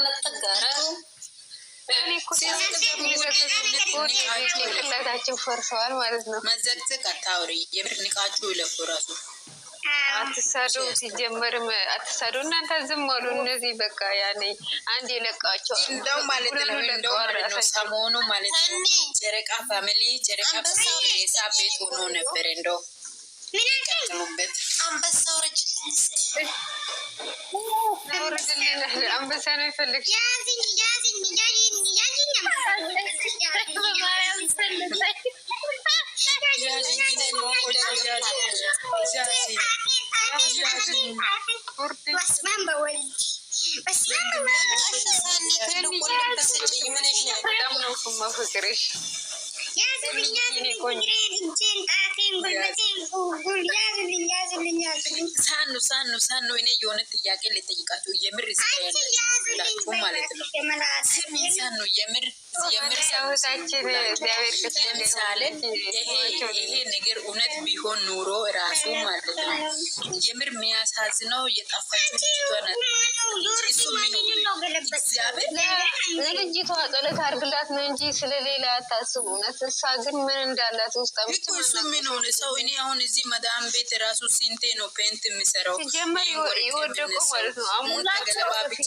ሰውነት ጥጋረ ጭንቅላታችን ፈርሰዋል ማለት ነው። መዘግዘግ አታውሪ። የምር ንቃችሁ ይለፉ ራሱ አትሳዱ ሲጀመርም አትሳዱ። እናንተ ዝም አሉ እነዚህ በቃ ያኔ አንድ የለቃቸው እንደው ማለት ነው። ሰሞኑ ማለት ነው ጨረቃ ፋሚሊ ጨረቃ ሳ ቤት ሆኖ ነበር። እንደው ምን አንበሳው ረጅ አንበሳ ነው የፈለግሽ? ፍቅርሽ ሳኑ ሳኑ ሳኑ እኔ የሆነ ጥያቄ ልጠይቃችሁ የምር ማለት ነው። ስሚ ሳኑ የምር ለምሳሌ ይሄ ነገር እውነት ቢሆን ኑሮ ራሱ ማለት ነው የምር የሚያሳዝነው የጠፋችው ልጅቷ ናት። እሱ ለልጅቷ ጸሎት አድርግላት ነው እንጂ ስለሌላ አታስቡ። እሷ ግን ምን እንዳላት ውስጥ ሰው እኔ አሁን እዚህ መዳም ቤት ራሱ ሲንቴ ነው ፔንት የሚሰራው ሲጀመር የወደቁ ማለት ነው አሙላ ገለባ ብቻ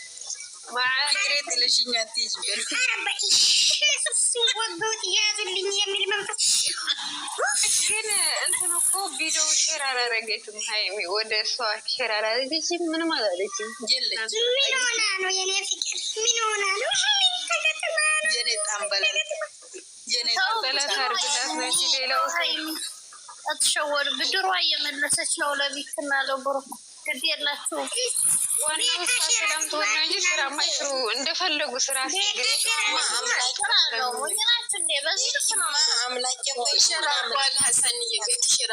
ማዕሬት ልሽኛ ትይዝ ብል ወገውት ያዝልኝ የሚል ምን ማለት ምን ሆና ነው የኔ ሌላው አትሸወድም። ድሯ እየመለሰች ነው ለቢክና ለብሩክ ግድ የላቸውም። ዋናው ስራ ተላምቶና ስራማ ይስሩ እንደፈለጉ ስራ ሽር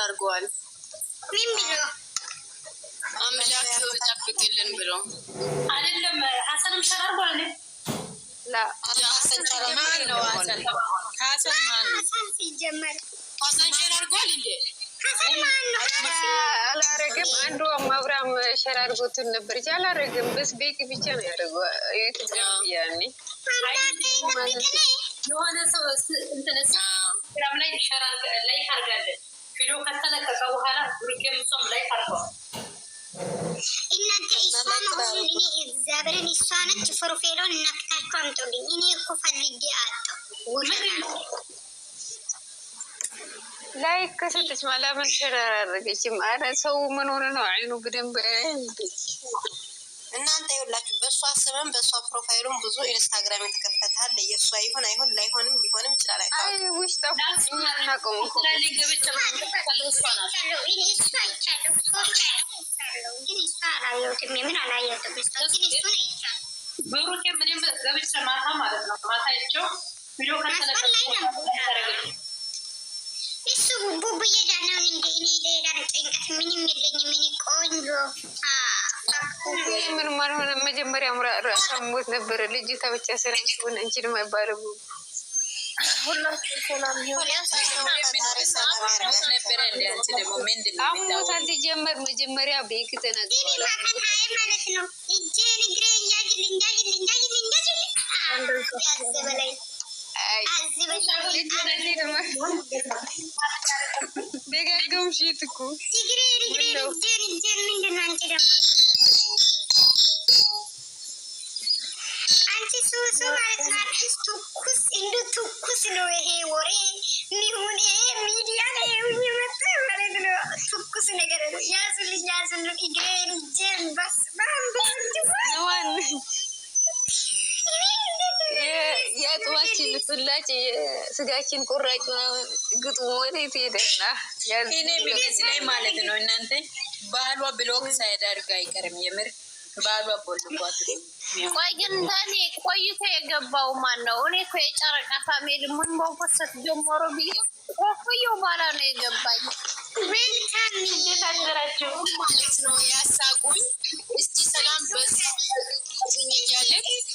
አድርገዋል። አምላክ ጠብቅልን ብሎ አይደለም ሀሰንም ሽር አድርገዋል። ሀሰን አላረግም አንዱ ማብራ ፕሮግራም ሸር አድርጎትን ነበር እንጂ አላረግም። በስ ቤቅ ብቻ ነው ያደርገው የሆነ ሰው እንትን ፕሮግራም ላይ ሸር ቪዲዮ ከተለቀቀ በኋላ ብሩኬ ምሶም ላይ ታርገዋል። እናንተ እሷን አሁን እኔ እግዚአብሔርን እሷ ነች ፕሮፌሎን እናክታችሁ አምጡልኝ። እኔ እኮ ፈልጌ አጣሁ። ላይክ ስትስማ ለምን ሽር አደረገችም? አረ ሰው ምን ሆነ ነው? አይኑ ግድም እናንተ ይኸውላችሁ፣ በእሷ ስምም በእሷ ፕሮፋይሉም ብዙ ኢንስታግራም የተከፈታል። የእሷ ይሁን አይሁን ላይሆንም ሊሆንም ይችላል። ማለት ነው አይታወቅም። ቡቡዬ ዳናውን እንደ እኔ ሌላ ጭንቀት ምንም የለኝም። ምን ቆንጆ ምን ማልሆነ መጀመሪያ ራሳሞት ነበረ ልጅ ተብቻ ስራሆን እንችል ማይባለ አሞታል ሲጀመር መጀመሪያ ቤክ ተናግሯል ማለት ነው። በጋጋው ሽት እኮ አንቺ ሱሱ ማለት ነው። አዲስ ትኩስ እንዱ ትኩስ ነው ይሄ ወሬ ሚሁን ይሄ ሚዲያ ላይ የሚመጣ ማለት ነው። ትኩስ ነገር ያዙልኝ፣ ያዙልኝ እግሬን ጀን በስ ባንባ ዋን የአጽማችን ፍላጭ የስጋችን ቁራጭ ግጥሞ ወዴት ሄደና ኔ ቢገዝ ላይ ማለት ነው። እናንተ ባህሏ ብሎክ ሳይዳርግ አይቀርም። የምር ባህሏ ቦልጓት። ቆይ ግን እኔ ቆይቶ የገባው ማን ነው? እኔ እኮ የጨረቃ ፋሚሊ ምን በኮሰት ጀመሮ ብዬ ቆፍዮ በኋላ ነው የገባኝ። መልካም እንደታደራቸው ማለት ነው ያሳቁኝ። እስቲ ሰላም በዝ በእያለን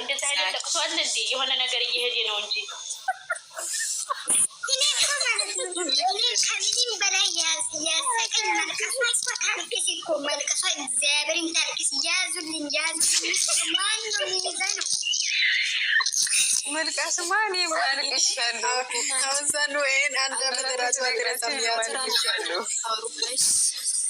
እንደዚህ አይነት የሆነ ነገር እየሄደ ነው እንጂ ከዚህም በላይ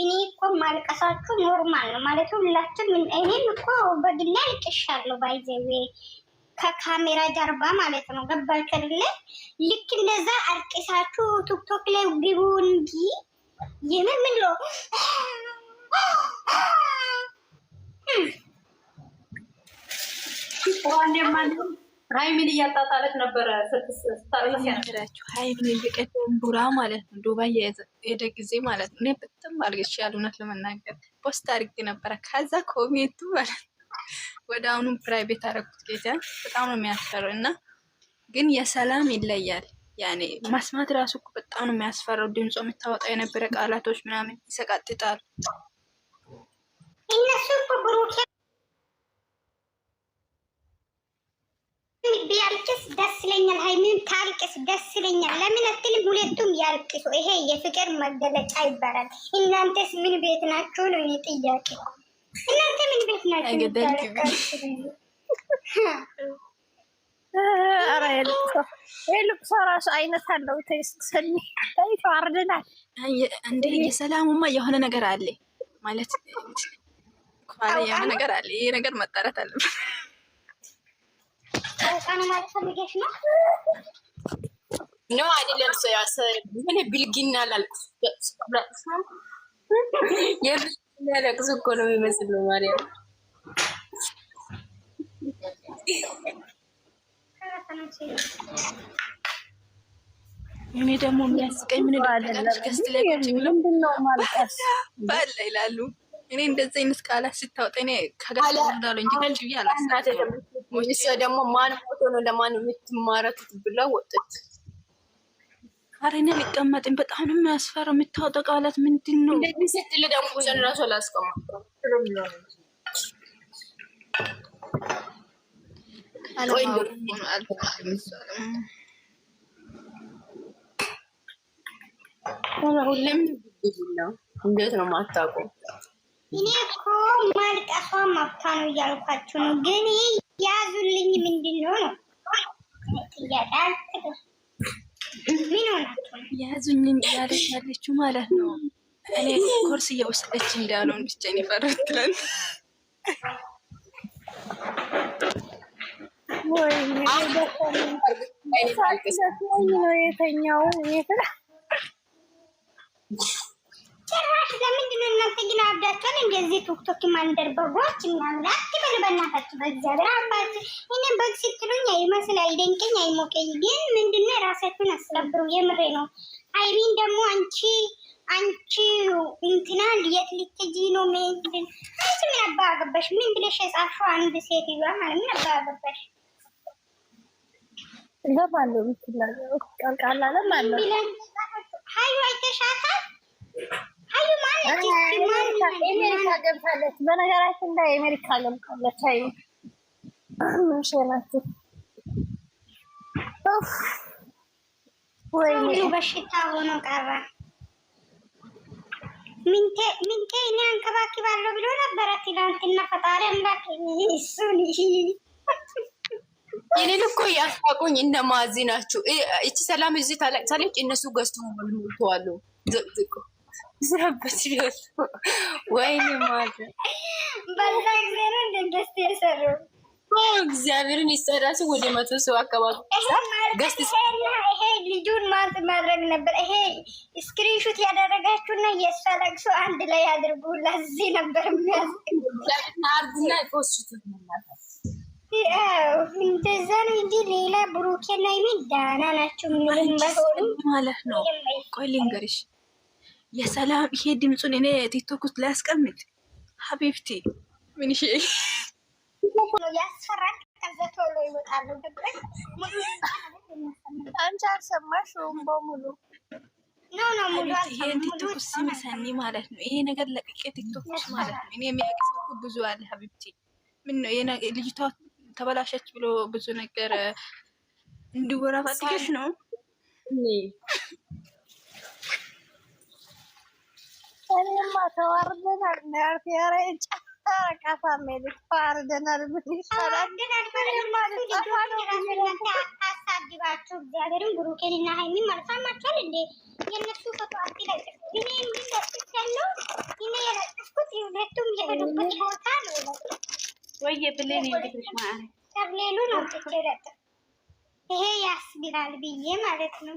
እኔ እኮ ማልቀሳችሁ ኖርማል ነው ማለት ሁላችሁም። እኔም እኮ በግሌ አልቅሻለሁ። ባይዘዌ ከካሜራ ጀርባ ማለት ነው። ገባችሁ አይደለ? ልክ እንደዛ አልቅሳችሁ ቲክቶክ ላይ ግቡ እንጂ የምን ምን ዋንዴ ሀይሚን እያጣጣለች ነበረ ስትነግራችሁ፣ ሀይሚን እየቀደም ቡራ ማለት ነው። ዱባይ የሄደ ጊዜ ማለት ነው። እኔ በጣም አርገች ያሉ እውነት ለመናገር ፖስት አድርጌ ነበረ። ከዛ ኮሜንቱ ማለት ነው ወደ አሁኑ ፕራይቬት አደረኩት። ጌታ በጣም ነው የሚያስፈራው። እና ግን የሰላም ይለያል። ያኔ ማስማት ራሱ እኮ በጣም ነው የሚያስፈራው። ድምፆ የምታወጣ የነበረ ቃላቶች ምናምን ይሰቃጥጣል። እነሱ ብሩኬ ቢያልቅስ ደስ ይለኛል። ሀይሚም ታልቅስ ደስ ይለኛል። ለምን አትልም? ሁለቱም ያልቅሱ። ይሄ የፍቅር መገለጫ ይባላል። እናንተስ ምን ቤት ናችሁ ነው እኔ ጥያቄ። እናንተ ምን ቤት ናችሁ? ልቅሶ ራሱ አይነት አለው። ተስኒ ተዋርደናል እንዴ! የሰላሙማ የሆነ ነገር አለ ማለት ነገር አለ። ይሄ ነገር መጣረት አለበት ነው? ነው አይደለም። ሆነ ብልግና ላልቅስ የሚያለቅስ እኮ ነው የሚመስል ነው ማርያም እኔ ደግሞ የሚያስቀኝ ምን ባለ ይላሉ። እኔ እንደዚህ አይነት ቃላት ስታወጣ እኔ እንጂ ወይስ ደግሞ ማን ሞቶ ነው ለማን የምትማረቱት ብላ ወጣች። አሬና ሊቀመጥን በጣም ነው የሚያስፈራ። የምታወጣው ቃላት ምንድን ነው? እንደዚህ ስትል ደግሞ ሰን ራሱ ሁሌም እንዴት ነው ማታውቀው? እኔ እኮ ማልቀሷ መብቷ ነው እያልኳችሁ ነው ግን ያዙልኝ ምንድን ነው ነው ምን ሆናችሁ ያዙኝ ያለች ያለችው ማለት ነው። እኔ ኮርስ እየወሰደች እንዳልሆን ብቻ ነው ፈረትለን ወይ ነው የተኛው ጭራሽ ለምንድን ነው እናንተ ግን አብዳችኋል? እንደዚህ ቶክቶክ ማንደር በጎች ምናምን አትበሉ በእናታችሁ በእግዚአብሔር አባት። እኔ በግ ስትሉኝ አይመስል አይደንቀኝ አይሞቀኝ፣ ግን ምንድን ነው የራሳችሁን አስከብሩ። የምሬ ነው። አይሪን ደግሞ አንቺ አንቺ እንትና የት ልትሄጂ ነው? ምንድን አንቺ ምን አባ ምን ብለሽ የጻፍሽው አንድ ሴት ይዟል ማለት ምን አባ ገባሽ? ገባለሁ ብትላለ ቃል ቃል አለ ማለት አሜሪካ ገብታለች። በነገራችን ላይ አሜሪካ ገብታለች። አይ ምን ሸላችሁ? ወይኔ በሽታ ሆኖ ቀረ። ምንቴ እኔ አንከባክባለሁ ብሎ ነበረ ትናንትና። ፈጣሪ አምላክ እሱን ይህንን እኮ ያስታቁኝ። እነ ማዚ ናችሁ። እቺ ሰላም እዚህ ታለቅሳለች፣ እነሱ ገዝቶ ሞልተዋል። ዝቅ ዝረበት ይላል። ወይኔ በዛ ጊዜ ነው የሰሩ እግዚአብሔርን ወደ መቶ ሰው አካባቢ ይሄ ልጁን ማጥ ማድረግ ነበር። ይሄ ስክሪንሹት ያደረጋችሁና የእሷ ለቅሶ አንድ ላይ አድርጉ። ለዚህ ነበር እንደዛ ነው እንጂ ሌላ ናቸው ምንም ማለት ነው። ቆይ ልንገርሽ የሰላም ይሄ ድምፁን እኔ ቲክቶክ ውስጥ ላያስቀምጥ ሀቢብቲ ምን ይሄ አንቺ በሙሉ ይሄን ቲክቶክ ሲመሰኒ ማለት ነው። ይሄ ነገር ለቅቄ ቲክቶክ ማለት ነው። እኔ ብዙ አለ። ሀቢብቲ ልጅቷ ተበላሸች ብሎ ብዙ ነገር እንዲወራ ፈልገሽ ነው እኔማ ተዋርደናል። ኧረ ጨረቃታ ሜልክ ተዋርደናል። ምን ይሻላል? ተብሌሉ ነው ይሄ ያስብላል ብዬ ማለት ነው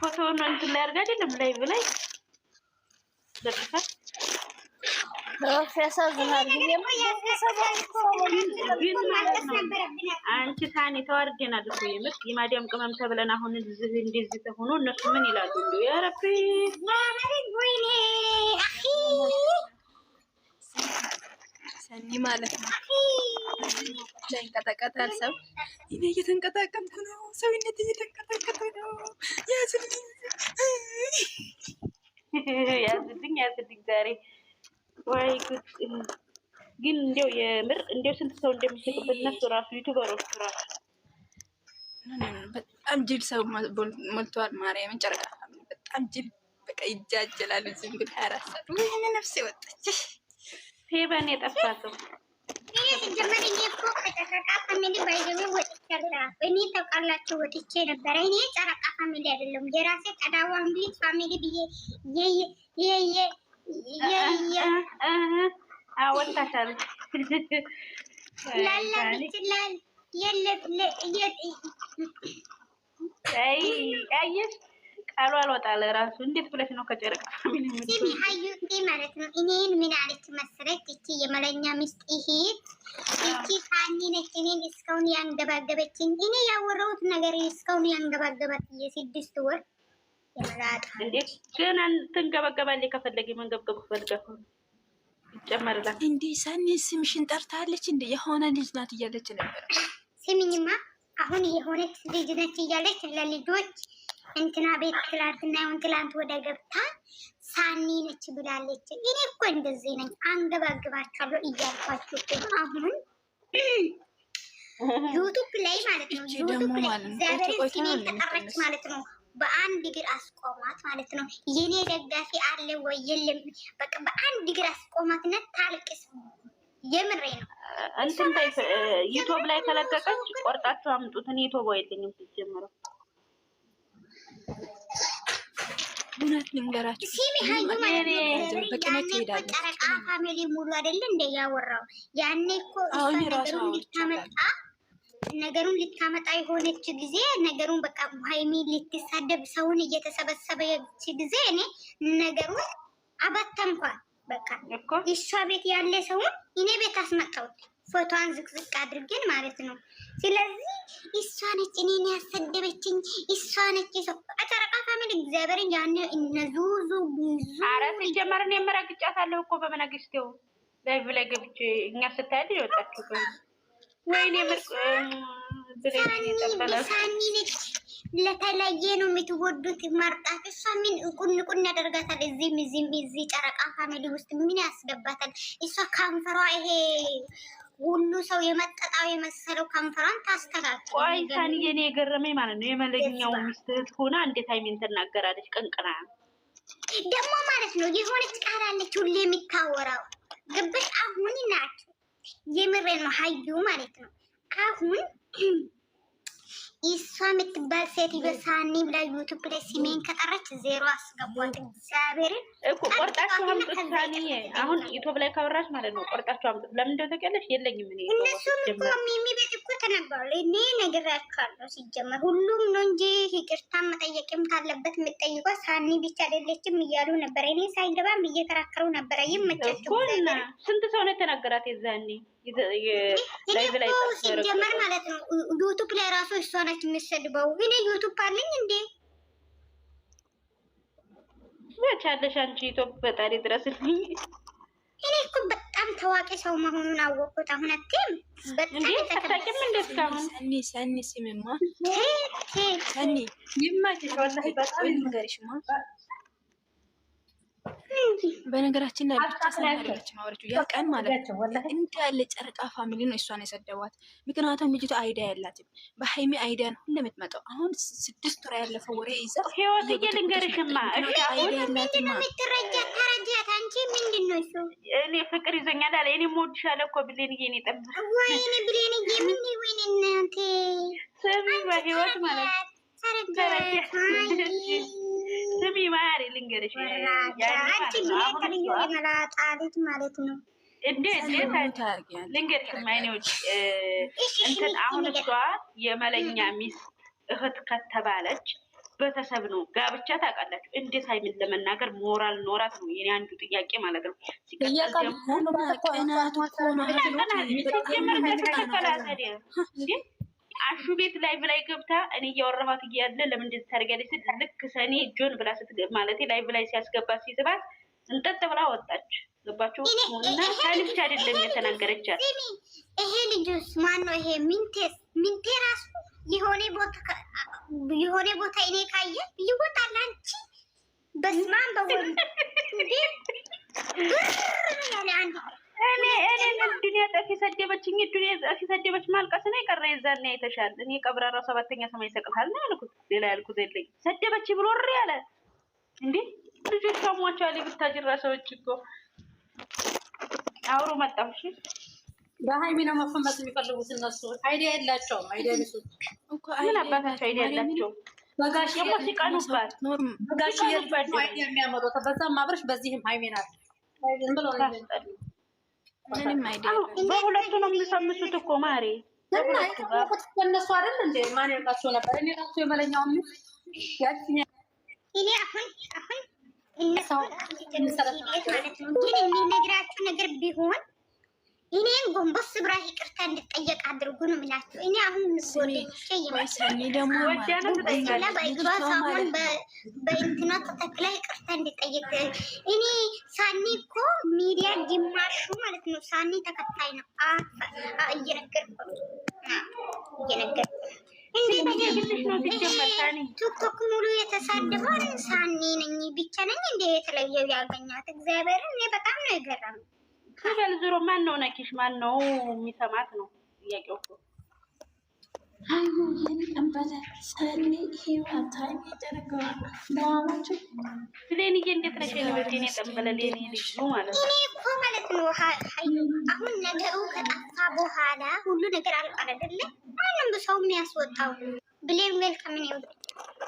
ፎቶ ነው እንትን ላይ አድርጋ አይደለም ላይ ብላይ ዘርፋል። ያሳዝናል። ግን ማለት አንቺ ታኒ ተዋርደናል እኮ የምር የማዲያም ቅመም ተብለን አሁን እዚህ እንደዚህ ተሆኖ እነሱ ምን ይላሉ? እንደው ያ ሰኒ ማለት ነው። ላይ ይንቀጠቀጣል ሰው። እኔ እየተንቀጠቀጥኩ ነው። ሰውነት እየተንቀጠቀጠ ነው። ያዝልኝ ያዝልኝ ያዝልኝ። ዛሬ ወይ ጉድ! ግን እንዲያው የምር እንዲያው ስንት ሰው እንደሚስቅበት ነሱ ራሱ ዩቱበሮቹ ራሱ በጣም ጅል ሰው ሞልቷል። ማርያምን ጨረቃ በጣም ጅል በቃ ይጃጀላል። ዝም ብሎ ሀያ ወይ ነፍሴ ወጣች። ሄቨን የጠፋተው እኔ ተቃላቸው ወጥቼ ነበረ። እኔ ጨረቃ ፋሚሊ አይደለም የራሴ ቀዳዋን ቤት ፋሚሊ ብዬ አወጣታል ላለችላል ቃሉ አልወጣ ለራሱ እንዴት ብለሽ ነው ከጨረቃ ፋሚሊ ስሚ ሀዩ እንዴ ማለት ነው እኔን ምን አለች መሰለች እቺ የመለኛ ሚስት ይሄ እቺ ታኒ ነች እኔን እስካሁን ያንገባገበችኝ እኔ ያወራሁት ነገር እስካሁን ያንገባገባት የስድስት ወር እንዴት ግን ትንገበገባለች ከፈለገ መንገብገብ ፈልገ ይጨመርላል እንዴ ሰኒ ስምሽን ጠርታለች እንዴ የሆነ ልጅ ናት እያለች ነበር ስሚኝማ አሁን የሆነች ልጅ ነች እያለች ለልጆች እንትና ቤት ትላንትና ይሁን ትላንት ወደ ገብታ ሳኒ ነች ብላለች። እኔ እኮ እንደዚህ ነኝ፣ አንገባግባችኋለሁ እያልኳችሁ አሁን ዩቱብ ላይ ማለት ነው። ዩቱብ ላይ እግዚአብሔርን ስሜን ተጠራች ማለት ነው። በአንድ እግር አስቆማት ማለት ነው። የኔ ደጋፊ አለ ወይ የለም? በቃ በአንድ እግር አስቆማት ነ ታልቅስ። የምሬ ነው። እንትን ዩቱብ ላይ ተለቀቀች። ቆርጣችሁ አምጡትን ዩቱብ አይለኝም ሲጀምረው እውነት ልንገራችሁ ሲሚ በቅነት ይሄዳል። ጨረቃ ፋሚሊ ሙሉ አይደለ እንደ ያወራው ያኔ እኮ ነገሩን ልታመጣ ነገሩን ልታመጣ የሆነች ጊዜ ነገሩን በቃ ሀይሚ ልትሳደብ ሰውን እየተሰበሰበች ጊዜ እኔ ነገሩን አባተንኳል። በቃ እሷ ቤት ያለ ሰውን እኔ ቤት አስመጣሁት። ፎቶዋን ዝቅዝቅ አድርገን ማለት ነው። ስለዚህ እሷ ነች እኔን ያሰደበችኝ፣ እሷ ነች አጨረቃ ፋሚል እግዚአብሔር ያን እነዙዙ ብዙ አረ ሲጀመርን የመረግጫታለሁ እኮ በመናገስቴው ላይቭ ላይ ገብች እኛ ስታያል ይወጣችሁ ወይን የምርቅ ሳኒ ነች። ለተለየ ነው የምትወዱት መርጣት። እሷ ምን እቁን ቁን ያደርጋታል? እዚህም እዚህም እዚህ ጨረቃ ፋሚሊ ውስጥ ምን ያስገባታል? እሷ ካንፈሯ ይሄ ሁሉ ሰው የመጠጣው የመሰለው ከንፈሯን ታስተካክል። ቆይ ሳንዬ፣ እኔ የገረመኝ ማለት ነው የመለኛው ሚስት እህት ሆና እንዴት ሀይሚን ትናገራለች? ቅንቅና ደግሞ ማለት ነው የሆነች ቃላለች ሁሉ የሚታወራው ግብት አሁን ናቸው። የምሬ ነው ሀዩ ማለት ነው አሁን እሷ የምትባል ሴት ሳኒ ብላ ዩቱብ ላይ ሲሜን ከጠራች ዜሮ አስገቧት። እግዚአብሔርን ቆርጣችሁ አምጡት። ሳኒ አሁን ዩቱብ ላይ ካወራች ማለት ነው ቆርጣችሁ አምጡት። ለምን እንደሆነ ታውቂያለሽ? የለኝም እኔ እነሱ ሚሚ ቤት ተናግሯል። እኔ ነግራችኋለሁ። ሲጀመር ሁሉም ነው እንጂ ይቅርታ መጠየቅም ካለበት የምጠይቋ ሳኒ ብቻ አይደለችም እያሉ ነበረ። እኔ ሳይገባም እየተራከሩ ነበረ። ይመቻቸው። ስንት ሰው ነው የተናገራት የዛኔ ሲጀመር ማለት ነው። ዩቱብ ላይ ራሱ እሷ ናት የምትሰድበው። እኔ ዩቱብ አለኝ እንዴ ቻለሽ አንቺ ኢትዮጵያ ፈጣሪ ድረስልኝ እኔ እኮ በጣም ታዋቂ ሰው መሆኑን አወቁት። አሁን አትይም በጣም የተከበረም ሰኒ ሰኒ ስምማ ሰኒ ይማች ወላሂ በጣም ይንገርሽማ በነገራችን ላይ ብቻ ስለነበረች ማውረችው ያ ቀን ማለት ነው ያለ ጨረቃ ፋሚሊ ነው እሷን የሰደዋት። ምክንያቱም ልጅቷ አይዲያ ያላትም በሀይሚ አይዲያን ሁሉ የምትመጣው አሁን ስድስት ወር ያለፈው ወሬ ይዛ ህይወትዬ ልንገርሽማ እኔ ፍቅር አለ እኔ እኮ ብሌን ነው የጠበኩት። ወይኔ ምን እናቴ ስሚ በህይወት ማለት ስሚ ማሪ ልንገርሽ፣ ጣሊት ማለት ነው። እንዴት ማይኔዎች እንትን አሁን እሷ የመለኛ ሚስት እህት ከተባለች ቤተሰብ ነው ጋብቻ። ታውቃላችሁ እንዴት ሀይሚን ለመናገር ሞራል ኖራት ነው የኔ አንዱ ጥያቄ ማለት ነው። ሲቀጥል ደግሞ አሹ ቤት ላይቭ ላይ ገብታ እኔ እያወራኋት እያለ ለምን እንደዚህ ታደርጊያለሽ ስል ልክ ሰኔ ጆን ብላ ስትገባ ማለት ላይቭ ላይ ሲያስገባ ሲስባት እንጠጥ ብላ ወጣች። ገባችሁ? እና ሳኒ ብቻ አይደለም የተናገረቻት። ይሄ ልጅስ ማን ነው? ይሄ ሚንቴ ሚንቴ ራሱ የሆነ ቦታ የሆነ ቦታ እኔ ካየ ይወጣል። አንቺ በስማን በወ ያለ አንድ እኔ እኔን ዱንያ ጠፊ ሰደበችኝ። ዱንያ ጠፊ ሰደበች። ማልቀስ ነው የቀረ የዛን አይተሻል። እኔ ቀብራራ ሰባተኛ ሰማይ ይሰቅልሃል ነው ያልኩት። ሌላ ያልኩት የለኝም። ሰደበች ብሎ ወሬ አለ እንዴ ልጆች ታሟቸዋል። ብታጅራ ሰዎች እኮ አውሮ መጣሁ። እሺ በሀይሚ ነው መፈመስ የሚፈልጉት እነሱ። አይዲያ የላቸውም። አይዲያ ልሱት ምን አባታቸው አይዲያ የላቸውም። ሲቀኑባት በጋሽ በዛም አብረሽ በዚህም ሀይሜ ናት ብሎ ምንም አይደለም። በሁለቱ ነው የሚሰምሱት እኮ ማሬ። እነሱ አይደል እንደ ማን ያውቃቸው ነበር። እኔ ራሱ የመለኛው እኔ አሁን አሁን እነሱ የሚነግራቸው ነገር ቢሆን እኔም ጎንበስ ብራ ይቅርታ እንድጠየቅ አድርጉ ነው የምላችሁ። እኔ አሁን ጓደኞቼ ይመስለኛል በእግሯ ሳሆን በእንትና ተተክላ ይቅርታ እንድጠየቅ እኔ ሳኒ እኮ ሚዲያ ግማሹ ማለት ነው ሳኒ ተከታይ ነው እየነገር እየነገር ቲክቶክ ሙሉ የተሳደበን ሳኒ ነኝ ብቻ ነኝ እንደ የተለየው ያገኛት እግዚአብሔርን እኔ በጣም ነው የገረመኝ። ከዛል ዞሮ ማን ነው ነኪሽ? ማን ነው የሚሰማት ነው ጥያቄው እኮ አዩ የኔ ቀንበለ ሰኒ ህይወታ ይደረገዋል ለዋማቹ ስለኔ እንዴት ነሽ? የኔ የኔ ቀንበለ ልጅ ማለት ነው እኮ ማለት ነው። ሀዩ አሁን ነገሩ ከጠፋ በኋላ ሁሉ ነገር አልቋል አይደለ? ማንም ሰው የሚያስወጣው ብሌም ዌልካም ነው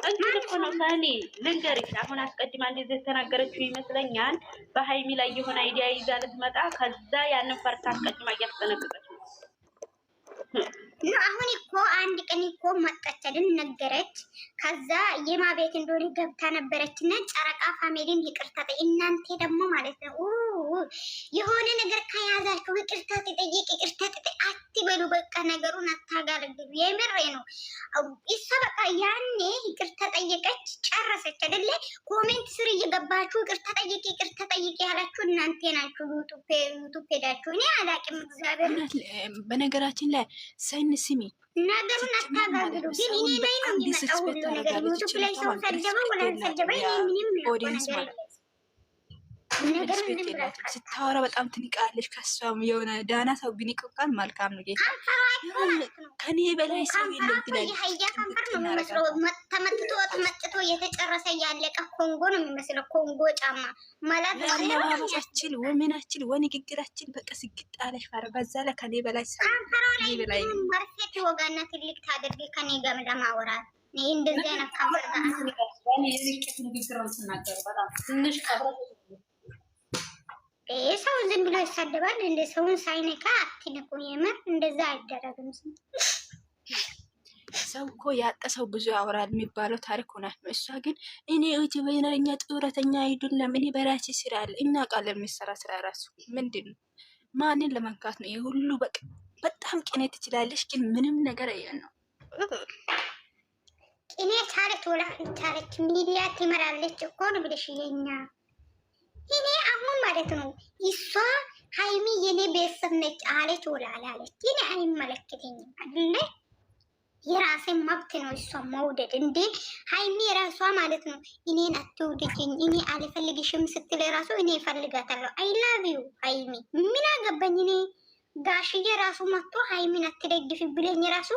እሱን እኮ ነው ሳሊ ልንገርሽ። አሁን አስቀድማ እንደዚህ የተናገረችው ይመስለኛል። በሀይሚ ላይ የሆነ አይዲያ ይዛ ልትመጣ ከዛ ያንን ፈርታ አስቀድማ እያስጠነቅቀች ነው። አሁን እኮ አንድ ቀን እኮ መጣችልን ነገረች። ከዛ የማ እንደሆነ ገብታ ነበረች ጨረቃ ፋሚሊን ይቅርታ እናንተ ደግሞ ማለት ነው የሆነ ነገር ከያዛችሁ ይቅርታ ትጠይቅ ይቅርታ ትጠይቅ አትበሉ። በቃ ነገሩን አታጋርግሉ። የምሬ ነው። እሷ በቃ ያኔ ይቅርታ ጠየቀች፣ ጨረሰች አይደለ? ኮሜንት ስር እየገባችሁ ይቅርታ ጠይቅ ይቅርታ ጠይቅ ያላችሁ እናንተ ናችሁ። ዩቱብ ሄዳችሁ እኔ አላቅም። እግዚአብሔር በነገራችን ላይ ሰን ስሚ ነገሩን አታጋግሉ። ግን እኔ ላይ ነው የሚመጣው ሁሉ ነገር ዩቱብ ላይ ሰው ሰደበው ወላንሰደበ ምንም ነገር ስታወራ በጣም ትንቃለች። ከሷም የሆነ ዳና ሰው ቢንቅ እንኳን መልካም ነው። ጌታ ከኔ በላይ ሰው የለም ትላለች። ተመትቶ መጥቶ የተጨረሰ ያለቀ ኮንጎ ነው የሚመስለው። ኮንጎ ጫማ ማለት አለባበሳችን፣ ወሜናችን፣ ወንግግራችን በቃ ስግጥ አለች። ፋረ በዛ ላይ ከኔ በላይ ሰው በላይ መርፌት ወጋና ትልቅ ታደርግ ከኔ ገም ለማውራት እንደዚህ አይነት ካንሰር ጋር ንግግር ነው ስናገሩ በጣም ትንሽ ቀብረት ሰው ዝም ብሎ ይሳደባል። እንደ ሰውን ሳይነካ አትነኩ። የምር እንደዛ አይደረግም። ሰው እኮ ያጠ ሰው ብዙ ያወራል የሚባለው ታሪክ ሆናል ነው። እሷ ግን እኔ እጅ በይነኛ ጡረተኛ አይደለም እኔ በራሴ ስራ አለ እና ቃል የሚሰራ ስራ ራሱ ምንድን ነው? ማንን ለመንካት ነው? የሁሉ በቃ በጣም ቅኔ ትችላለች፣ ግን ምንም ነገር እየን ነው ቅኔ ታሪክ ወላ ታሪክ ሚዲያ ትመራለች እኮ ነው ብለሽ የኛ እኔ አሁን ማለት ነው እሷ ሀይሚ የኔ ቤተሰብ ነች አለች ወላላለች፣ እኔ አይመለከተኝም አይደለ? የራሴ መብት ነው እሷ መውደድ። እንዴ ሀይሚ ራሷ ማለት ነው እኔን አትውድጅኝ፣ እኔ አልፈልግሽም ስትል ራሱ እኔ እፈልጋታለሁ። አይላቪው ሀይሚ ምን አገባኝ እኔ ጋሽዬ ራሱ መጥቶ ሀይሚን አትደግፊ ብለኝ ራሱ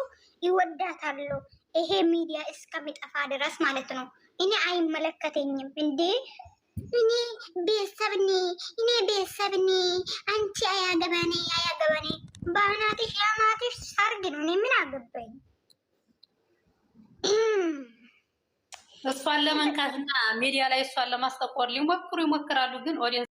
ይወዳታለሁ። ይሄ ሚዲያ እስከሚጠፋ ድረስ ማለት ነው እኔ አይመለከተኝም እንዴ እኔ ቤተሰብ እኔ እኔ ቤተሰብ እኔ አንቺ አያገባኔ አያገባኔ። በእናትሽ የአማትሽ ሰርግ ነው። እኔ ምን አገባኝ? እሷን ለመንካትና ሚዲያ ላይ እሷን ለማስተኮር ሊሞክሩ ይሞክራሉ ግን